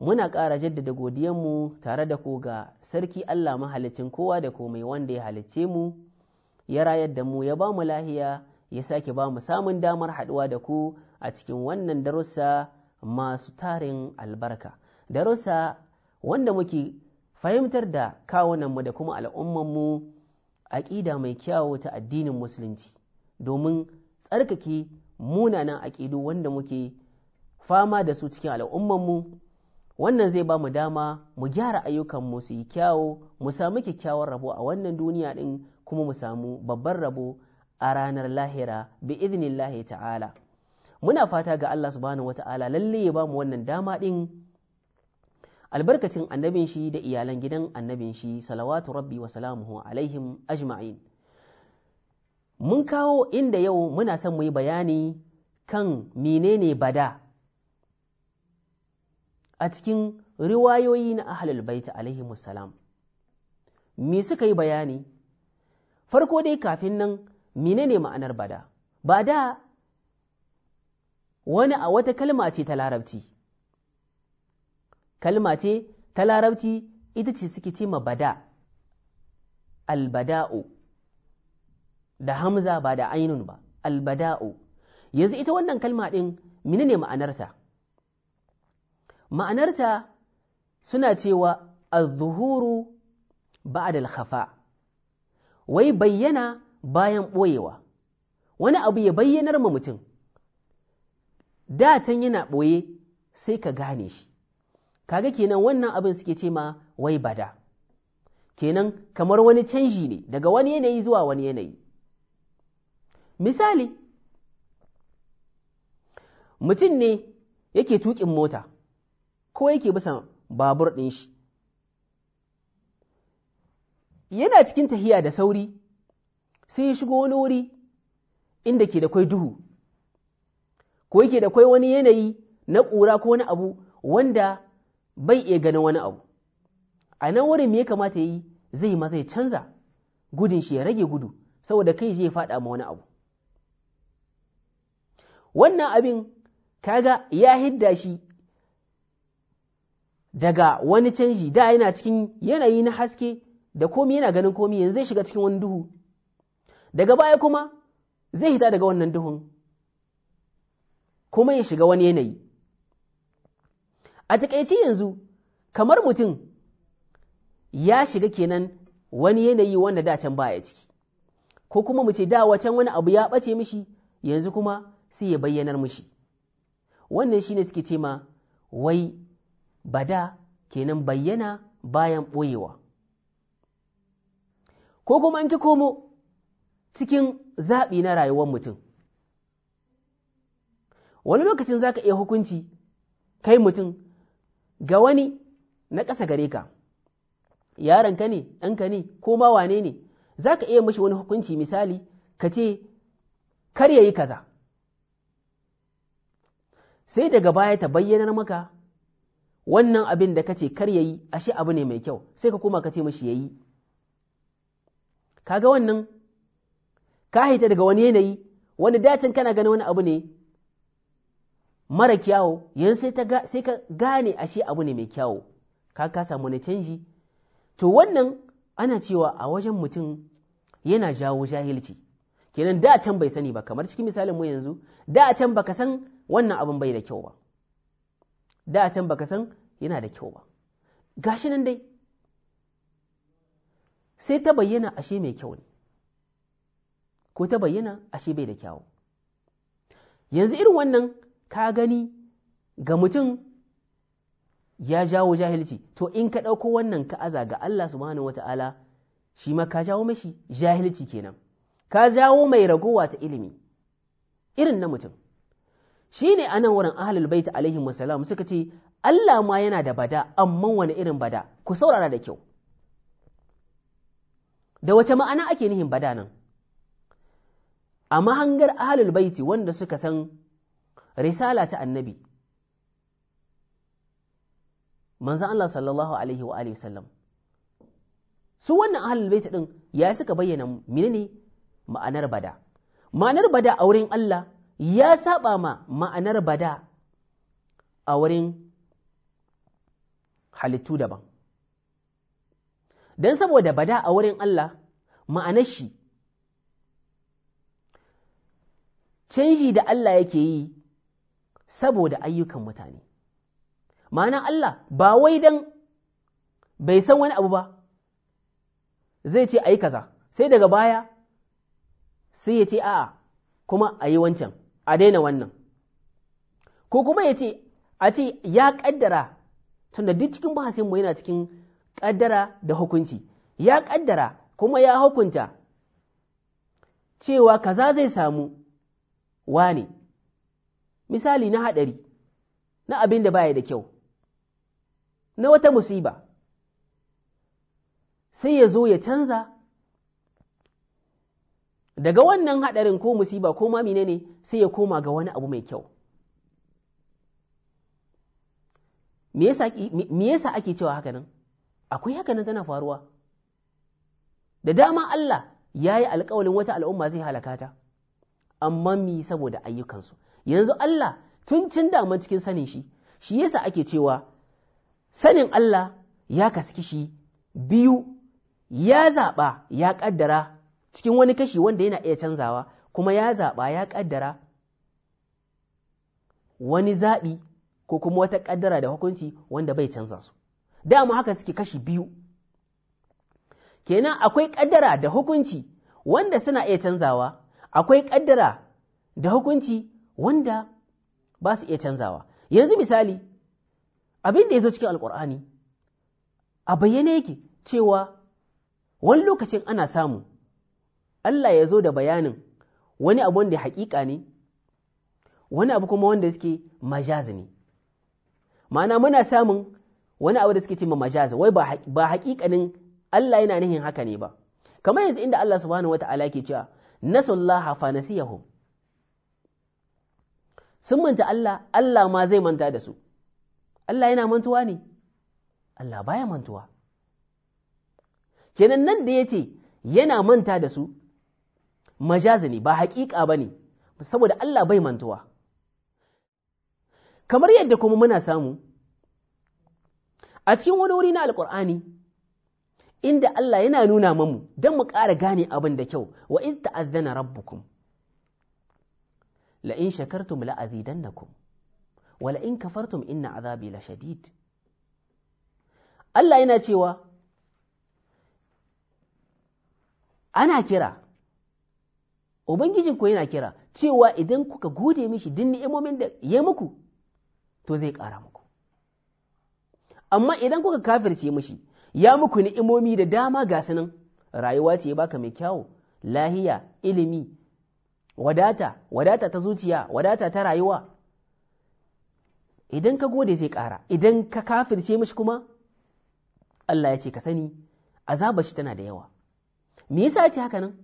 muna ƙara jaddada godiyanmu tare da ku ga sarki Allah mahalicin kowa da komai wanda ya halicce mu ya rayar da mu ya ba mu lahiya ya sake ba mu samun damar haɗuwa da ku a cikin wannan darussa masu tarin albarka darussa wanda muke fahimtar da kawunanmu da kuma al'ummanmu aƙida mai kyawu ta addinin musulunci domin tsarkake munanan aƙidu wanda muke fama da su cikin al'ummanmu wannan zai ba mu dama mu gyara ayyukanmu su yi kyawo mu samu kyakkyawar rabo a wannan duniya din kuma mu samu babban rabo a ranar lahira bi idnillahi ta'ala muna fata ga Allah subhanahu wata'ala lalle ya ba mu wannan dama din. albarkacin annabin shi da iyalan gidan annabin shi salawatu rabbi wa salamuhu alaihim ajma'in mun kawo inda yau muna son mu yi bayani kan menene bada a cikin riwayoyi na ahlul baiti alaihi musalam me suka yi bayani farko dai kafin nan menene ma'anar bada ba da wani a wata kalma ce ta larabci kalma ce ta larabci ita ce suke ce ma bada albada'u da hamza ba da ainun ba albada'u yanzu ita wannan kalma ɗin menene ma'anarta ma'anarta suna cewa al-zuhuru da khafa wai bayyana bayan ɓoyewa wani abu ya bayyanar ma mutum da can yana ɓoye sai ka gane shi kaga kenan wannan abin suke ce ma wai bada kenan kamar wani canji ne daga wani yanayi zuwa wani yanayi misali mutum ne yake tuƙin mota ko yake bisa babur ɗin shi yana cikin tahiya da sauri sai ya shigo wani wuri inda ke da kwai duhu ko yake da kwai wani yanayi na ƙura ko wani abu wanda bai iya ganin wani abu a nan wurin me ya kamata yi zai ma zai canza gudun shi ya rage gudu saboda kai zai faɗa ma wani abu wannan abin kaga ya hidda shi daga wani canji da yana cikin yanayi na haske da komi yana ganin komi yanzu zai shiga cikin wani duhu daga baya kuma zai hita daga wannan duhun kuma ya shiga wani yanayi a takaici yanzu kamar mutum ya shiga kenan wani yanayi wanda da can baya ciki ko kuma mu ce da wacan wani abu ya ɓace mishi yanzu kuma sai ya bayyanar mishi wannan shine suke cema wai bada kenan bayyana bayan ɓoyewa ko kuma in ki komo cikin zaɓi na rayuwar mutum wani lokacin za ka iya hukunci kai mutum ga wani na ƙasa gare ka yaronka ne ɗanka ne ko ma wane ne za ka iya mashi wani hukunci misali ka ce kar ya yi kaza sai daga baya ta bayyanar maka wannan abin da kace kar yayi ashe abu ne mai kyau sai ka koma ka ce mishi yayi kaga wannan ka haita daga wani yanayi wani dacin kana gani wani abu ne mara kyawo yanzu sai ka gane ashe abu ne mai kyawo ka ka samu ne canji to wannan ana cewa a wajen mutum yana jawo jahilci kenan da can bai sani ba kamar cikin misalin mu yanzu da can baka san wannan abin bai da kyau ba da can baka san yana da kyau ba gashi nan dai sai ta bayyana ashe mai kyau ne ko ta bayyana ashe bai da kyawu yanzu irin wannan ka gani ga mutum ya jawo jahilci to in ka ɗauko wannan ka aza ga Allah subhanahu wata'ala shi ma ka jawo mashi jahilci kenan ka jawo mai ragowa ta ilimi irin na mutum shi ne a nan wurin ahalul baita alaihim wasalam suka ce Allah ma yana da bada amma wani irin bada ku saurara da kyau da wace ma'ana ake nihin bada nan a mahangar ahalul baiti wanda suka san risala ta annabi manzan Allah sallallahu alaihi wa Alaihi sallam su wannan ahalul baiti ɗin ya suka bayyana menene ma'anar bada ma'anar bada a wurin Allah ya saba ma ma'anar bada a wurin halittu daban don saboda bada a wurin Allah ma'anar shi canji da Allah yake yi saboda ayyukan mutane ma'ana Allah ba wai don bai san wani abu ba zai ce ayi kaza sai daga baya sai ya ce a'a kuma a yi wancan a daina wannan ko kuma ya ce a ce ya ƙaddara tunda duk cikin bahasin mu yana cikin ƙaddara da hukunci ya ƙaddara kuma ya hukunta cewa kaza zai samu wane misali na haɗari na abin da baya da kyau na wata musiba sai ya zo ya canza daga wannan haɗarin ko musiba ko ma ne sai ya koma ga wani abu mai kyau me yasa ake cewa haka nan akwai haka nan tana faruwa da dama Allah ya yi alkawalin wata al'umma zai halaka ta amma mi saboda ayyukansu yanzu Allah tun cin daman cikin sanin shi shi yasa ake cewa sanin Allah ya kaski shi biyu ya zaɓa ya ƙaddara cikin wani kashi wanda yana iya canzawa kuma ya zaɓa ya ƙaddara wani zaɓi ko kuma wata ƙaddara da hukunci wanda bai canza su dama haka suke kashi biyu kenan akwai ƙaddara da hukunci wanda suna iya canzawa akwai ƙaddara da hukunci wanda ba su iya canzawa yanzu misali abin da ya zo cikin alkur'ani a bayyane yake cewa wani lokacin ana samu Allah ya zo da bayanin wani abu wanda haƙiƙa ne wani abu kuma wanda suke majazi ne ma'ana muna samun wani abu da suke ce majaz wai ba haƙiƙanin Allah yana nihin haka ne ba kamar yanzu inda Allah subhanahu wata'ala ke cewa nasallaha fa nasiyahum sun manta Allah Allah ma zai manta da su Allah yana mantuwa ne Allah baya mantuwa kenan nan da ya ce yana manta da su majazi ne ba haƙiƙa bane saboda Allah bai mantuwa kamar yadda kuma muna samu a cikin wani wuri na alkur'ani inda Allah yana nuna mamu don mu ƙara gane abin da kyau wa in ta'azzana rabbukum la in shakartum la azidannakum wa la in kafartum inna azabi la shadid Allah yana cewa ana kira ubangijinku yana kira cewa idan kuka gode mishi din ni'imomin da ya muku to zai ƙara muku amma idan kuka kafirce mishi ya muku ni'imomi da dama ga sanin rayuwa ce baka mai kyawu lahiya ilimi wadata wadata ta zuciya wadata ta rayuwa idan ka gode zai ƙara idan ka kafirce mishi kuma Allah ya ce ka sani azabar shi tana da yawa me yasa ce haka nan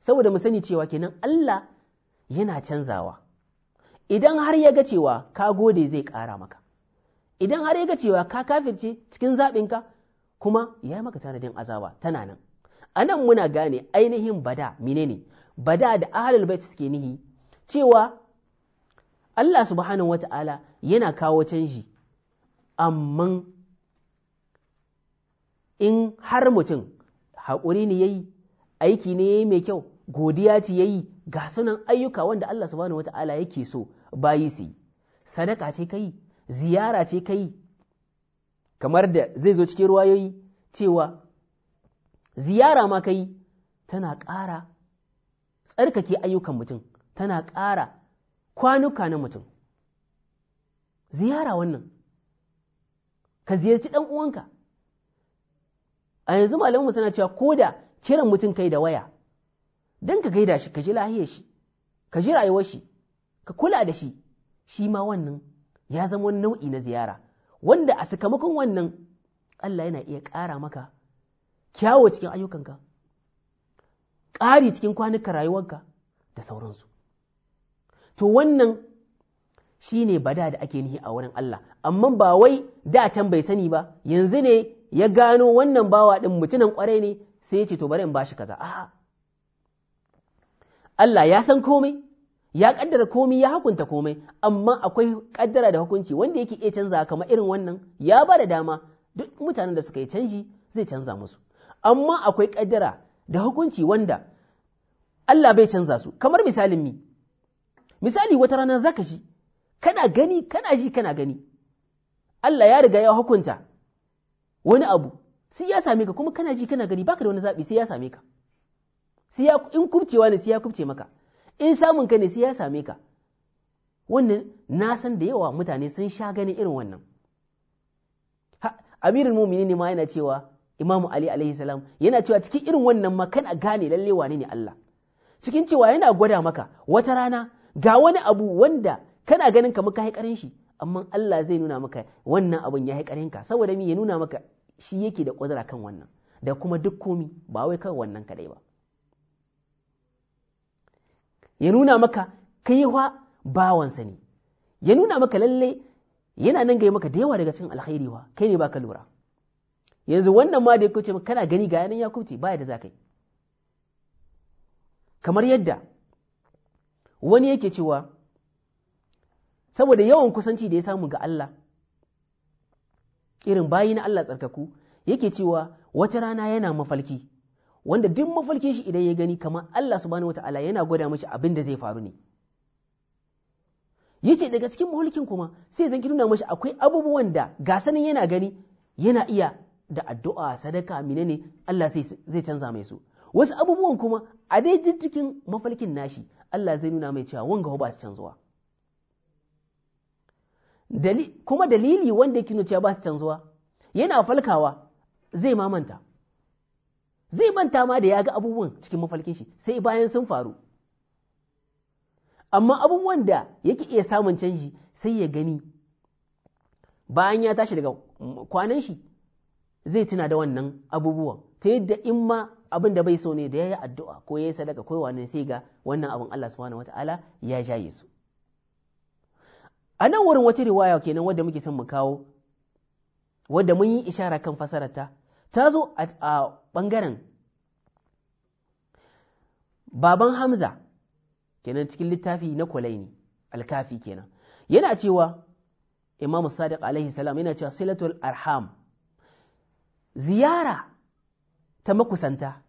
saboda mu sani cewa kenan Allah yana canzawa idan har ya ga cewa ka gode zai ƙara maka idan har ya ga cewa ka kafirce cikin zaɓinka kuma ya yi maka tanadin azaba tana nan a nan muna gane ainihin bada menene bada da ahalul bait suke nihi cewa Allah subhanahu ta'ala yana kawo canji amma in har mutum haƙuri ne ya yi, aiki ne ya yi mai kyau godiya ce ya yi. ga sunan ayyuka wanda Allah subhanahu ta’ala yake so bayi su yi sadaka ce kai ziyara ce kai kamar da zai zo cikin ruwayoyi cewa ziyara ma kai tana ƙara tsarkake ayyukan mutum tana ƙara kwanuka na mutum ziyara wannan ka ziyarci ɗan uwanka a yanzu malamanmu suna cewa ko da kiran mutum kai da waya don ka gaida shi ka ji lahiyar shi ka ji rayuwar shi ka kula da shi shi ma wannan ya zama wani nau'i na ziyara wanda a sakamakon wannan Allah yana iya ƙara maka kyawo cikin ayyukanka ƙari cikin kwanuka rayuwarka da sauransu to wannan shi ne bada da ake nihi a wurin Allah amma ba wai da can bai sani ba yanzu ne ya gano wannan bawa ɗin mutunan ƙwarai ne sai ya ce to bari in ba shi kaza a'a Allah ya san komai ya kaddara komai ya hukunta komai amma akwai kaddara da hukunci wanda yake iya canza kamar irin wannan ya ba da dama duk mutanen da suka yi canji zai canza musu amma akwai kaddara da hukunci wanda Allah bai canza su kamar misalin mi misali wata rana zaka ji kana gani kana ji kana gani Allah ya riga ya hukunta wani abu sai ya same ka kuma kana ji kana gani baka da wani zabi sai ya same ka sai ya in kubcewa ne sai ya kubce maka in samun ka ne sai ya same ka wannan na san da yawa mutane sun sha ganin irin wannan amirul mumini ne ma yana cewa imamu ali alaihi salam yana cewa cikin irin wannan ma kana gane lalle wane ne Allah cikin cewa yana gwada maka wata rana ga wani abu wanda kana ganin kamar ka haikarin shi amma Allah zai nuna maka wannan abun ya haikarin ka saboda min ya nuna maka shi yake da kudura kan wannan da kuma duk komi ba wai kan wannan kadai ba ya nuna maka kai wa bawansa ne ya nuna maka lalle yana nan ga maka da yawa daga cikin alkhairi wa kai ne baka lura yanzu wannan ma da ya kuce kana gani ga yanan ya kuce baya da zakai kamar yadda wani yake cewa saboda yawan kusanci da ya samu ga Allah irin bayi na Allah tsarkaku yake cewa wata rana yana mafalki wanda duk mafalkin shi idan ya gani kamar Allah subhanahu wata'ala yana gwada mashi abin da zai faru ne yace daga cikin mahulkin kuma sai zan nuna mashi akwai abubuwan da ga sanin yana gani yana iya da addu'a sadaka menene Allah zai canza mai su wasu abubuwan kuma a dai cikin mafalkin nashi Allah zai nuna mai cewa wanga ba su canzuwa kuma dalili wanda yake nuna cewa ba su canzuwa yana falkawa zai mamanta zai manta ma da ya ga abubuwan cikin mafalkin shi sai bayan sun faru amma abubuwan da yake iya samun canji sai ya gani bayan ya tashi daga kwanan shi zai tuna da wannan abubuwan ta yadda in ma abin da bai so ne da ya yi addu'a ko ya yi sadaka ko wani sai ga wannan abin Allah subhanahu ta’ala ya jaye su a nan wurin wata riwaya kenan wadda muke son mu kawo wadda mun yi ishara kan fasararta ta zo a ɓangaren baban hamza kenan cikin littafi na kwalaini alkafi kenan yana cewa imamu sadiq alaihi salam yana cewa silatul arham ziyara ta makusanta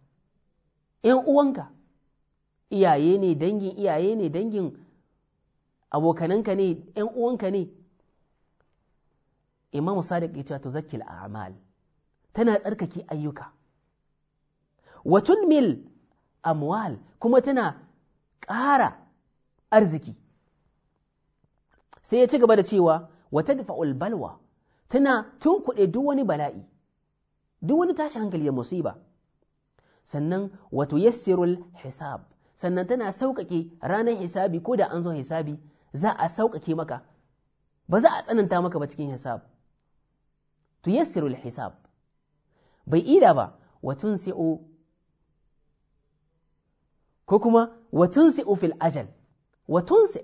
‘yan uwanka iyaye ne dangin iyaye ne dangin abokananka ne ‘yan uwanka ne imamu sadiq ya cewa to zakil a'mal tana tsarkake ayyuka wa mil amwal kuma tana ƙara arziki sai ya ci gaba da cewa wata tadfa'ul balwa tana tunkuɗe duk wani bala'i duk wani tashi hankali ya musiba sannan wato yassirul hisab sannan tana sauƙaƙe ranar hisabi ko da an zo hisabi za a sauƙaƙe maka ba za a tsananta maka ba cikin hisab to yassirul hisab bai ida ba wa tunsi'u ko kuma watun si fil ajal watun si.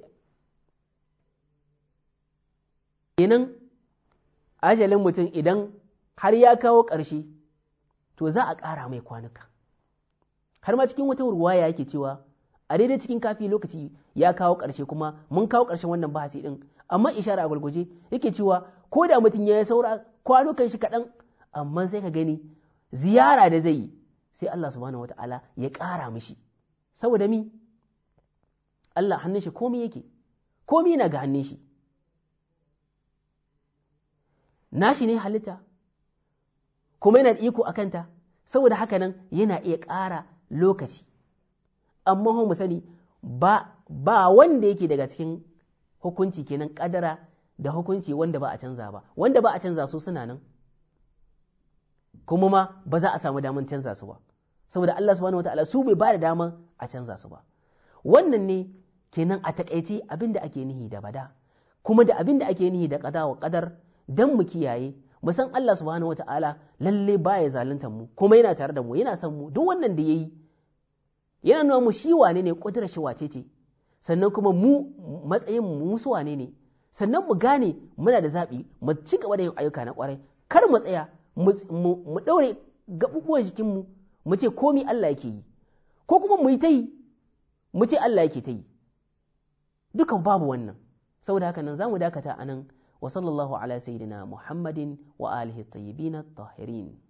kenan ajalin mutum idan har ya kawo ƙarshe to za a ƙara mai kwanuka har ma cikin wata ruwaya yake cewa a daidai cikin kafi lokaci ya kawo ƙarshe kuma mun kawo ƙarshen wannan bahasi din amma ishara a gwalgwaje yake cewa ko da mutum ya saura kwanukan shi kaɗan amma sai ka gani ziyara da zai yi sai Allah subhanahu wata'ala ya ƙara mishi saboda mi Allah hannun shi komi yake komi na ga hannun shi nashi ne halitta kuma yana da iko a kanta saboda haka nan yana iya ƙara lokaci amma mu sani ba wanda yake daga cikin hukunci kenan kadara da hukunci wanda ba a canza ba wanda ba a canza su suna nan kuma ma ba za a samu daman canza su ba saboda Allah subhanahu ta'ala su bai ba da damar a canza su ba wannan ne kenan a takaice abin da ake nihi da bada kuma da abin da ake nihi da kada wa kadar dan mu kiyaye mu san Allah subhanahu wataala lalle baya zaluntar mu kuma yana tare da mu yana san mu duk wannan da yayi yana nuna mu shi wane ne kudura shi wace ce sannan kuma mu matsayin mu su wane ne sannan mu gane muna da zaɓi mu ci gaba da yin ayyuka na kwarai kar mu tsaya mu ɗaure gaɓuɓuwan jikinmu mu ce komi Allah yake yi ko kuma mu yi ta yi mu ce Allah yake ta yi dukan babu wannan saboda haka nan zamu dakata anan wa sallallahu ala sayyidina muhammadin wa alihi tayyibin tahirin